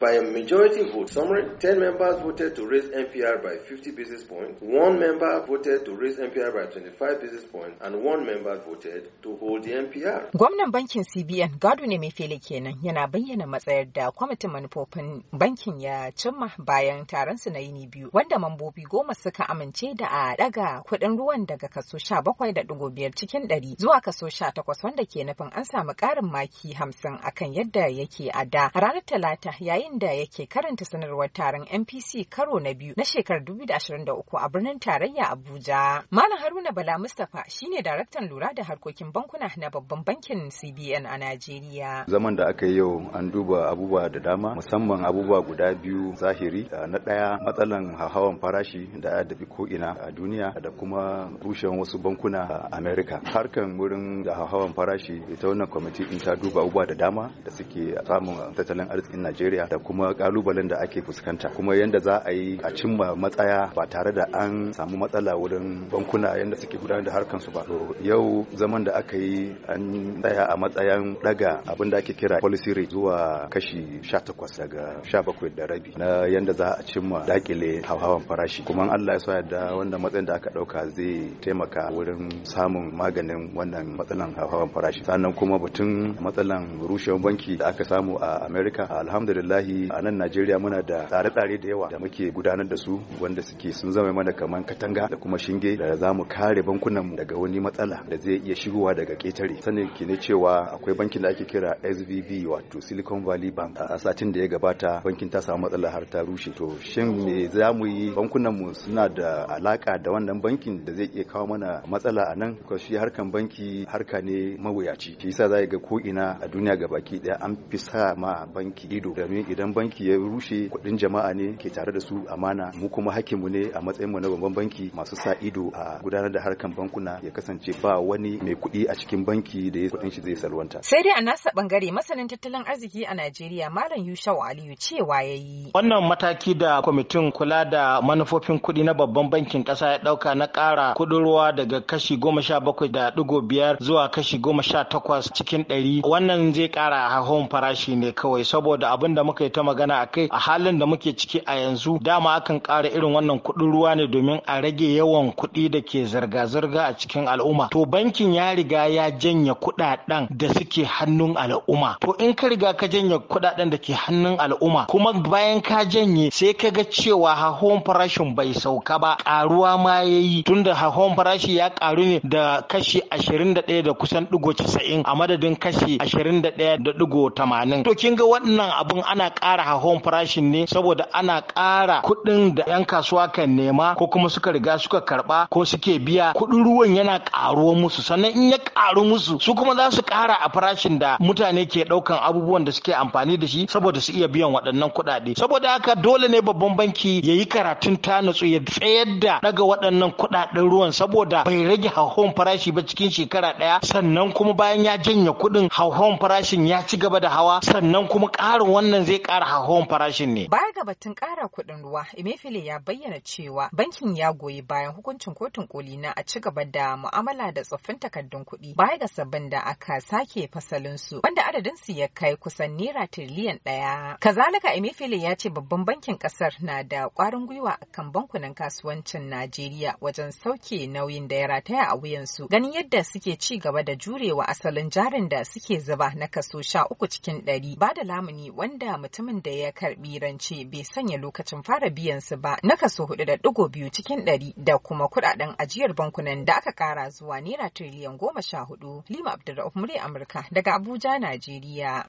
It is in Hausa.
By a majority vote summary, 10 members voted to raise NPR by 50 business points, one member voted to raise NPR by 25 business points, and one member voted to hold the NPR. Gwamnan bankin CBN gado ne mai fele kenan yana bayyana matsayar da kwamitin manufofin bankin ya cimma bayan taron su na yini biyu wanda mambobi goma suka amince da a daga kuɗin ruwan daga kaso 17.5 cikin 100 zuwa kaso 18 wanda ke nufin an samu ƙarin maki 50 akan yadda yake a da ranar talata yayin inda da yake karanta sanarwar taron MPC karo na biyu na shekarar 2023 a birnin tarayya Abuja. Malam Haruna Bala Mustapha shine daraktan lura da harkokin bankuna na babban bankin CBN a Najeriya. Zaman da aka yi yau an duba abubuwa da dama musamman abubuwa guda biyu zahiri ah, na ɗaya matsalan hawan farashi da ya dafi ko'ina a duniya da kuma rushen wasu bankuna a Amerika. Harkan wurin da hawan farashi ita wannan kwamiti in ta duba abubuwa da dama da suke samun tattalin arzikin Najeriya da kuma kalubalen da ake fuskanta kuma yadda za a yi a cimma matsaya ba tare da an samu matsala wurin bankuna yadda suke gudanar da harkar su ba yau zaman da aka yi an tsaya a matsayin daga abin da ake kira policy rate zuwa kashi 18 daga 17 da rabi na yadda za a cimma dakile hauhawan farashi kuma Allah ya so da wanda matsayin da aka dauka zai taimaka wurin samun maganin wannan matsalan hauhawan farashi sannan kuma batun matsalan rushewar banki da aka samu a America alhamdulillah a nan Najeriya muna da tsare-tsare da yawa da muke gudanar da su wanda suke sun zama mana kaman katanga da kuma shinge da za mu kare bankunan mu daga wani matsala da zai iya shigowa daga ketare sanin ki ne cewa akwai bankin da ake kira SVB wato Silicon Valley Bank a satin da ya gabata bankin ta samu matsala har ta rushe to shin me za mu yi bankunan mu suna da alaka da wannan bankin da zai iya kawo mana matsala a nan ko shi harkan banki harka ne mawuyaci shi yasa za ga ko ina a duniya gabaki daya an fi sa ma banki ido domin idan banki ya rushe kuɗin jama'a ne ke tare da su amana mu kuma mu ne a matsayin mu na babban banki masu sa ido a gudanar da harkan bankuna ya kasance ba wani mai kuɗi a cikin banki da kuɗin shi zai salwanta. Sai dai a nasa bangare masanin tattalin arziki a Najeriya Malam Yushau Aliyu cewa yayi. Wannan mataki da kwamitin kula da manufofin kuɗi na babban bankin ƙasa ya ɗauka na ƙara kuɗin ruwa daga kashi goma sha bakwai da ɗigo biyar zuwa kashi goma sha takwas cikin ɗari wannan zai ƙara hahon farashi ne kawai saboda abin da muka ta magana a kai a halin da muke ciki a yanzu dama akan ƙara irin wannan kuɗin ruwa ne domin a rage yawan kuɗi da ke zirga-zirga a cikin al'umma to bankin ya riga ya janye kuɗaɗen da suke hannun al'umma to in ka riga ka janye kuɗaɗen da ke hannun al'umma kuma bayan ka janye sai ka ga cewa hahon farashin bai sauka ba ƙaruwa ma ya yi tunda hahon farashi ya karu ne da kashi ashirin da ɗaya da kusan ɗigo casa'in a madadin kashi ashirin da ɗaya da ɗigo tamanin to kin ga wannan abun ana ana ƙara hahon farashin ne saboda ana ƙara kuɗin da 'yan kasuwa kan nema ko kuma suka riga suka karɓa ko suke biya kuɗin ruwan yana ƙaruwa musu sannan in ya ƙaru musu su kuma za su ƙara a farashin da mutane ke ɗaukan abubuwan da suke amfani da shi saboda su iya biyan waɗannan kuɗaɗe saboda haka dole ne babban banki ya yi karatun ta nutsu ya tsayar da daga waɗannan kuɗaɗen ruwan saboda bai rage hauhawar farashi ba cikin shekara ɗaya sannan kuma bayan ya janye kuɗin hauhawar farashin ya ci gaba da hawa sannan kuma ƙarin wannan zai kara hahon farashin ne. Baya ga batun kara kuɗin ruwa, Emefiele ya bayyana cewa bankin ya goyi bayan hukuncin kotun koli na a ci gaba da mu'amala da tsoffin takardun kuɗi baya ga sabbin da aka sake fasalin su wanda adadin su ya kai kusan naira tiriliyan ɗaya. Kazalika Emefiele ya ce babban bankin ƙasar na da ƙwarin gwiwa akan bankunan kasuwancin Najeriya wajen sauke nauyin da ya rataya a wuyansu ganin yadda suke ci gaba da jurewa asalin jarin da suke zuba na kaso sha uku cikin ɗari ba da lamuni wanda mutumin da ya karbi rance bai sanya lokacin fara biyan su ba na kaso hudu da digo biyu cikin ɗari da kuma kudaden ajiyar bankunan da aka kara zuwa naira tiriliyan goma sha hudu. Lima Abdulrahman Amurka daga Abuja, Najeriya.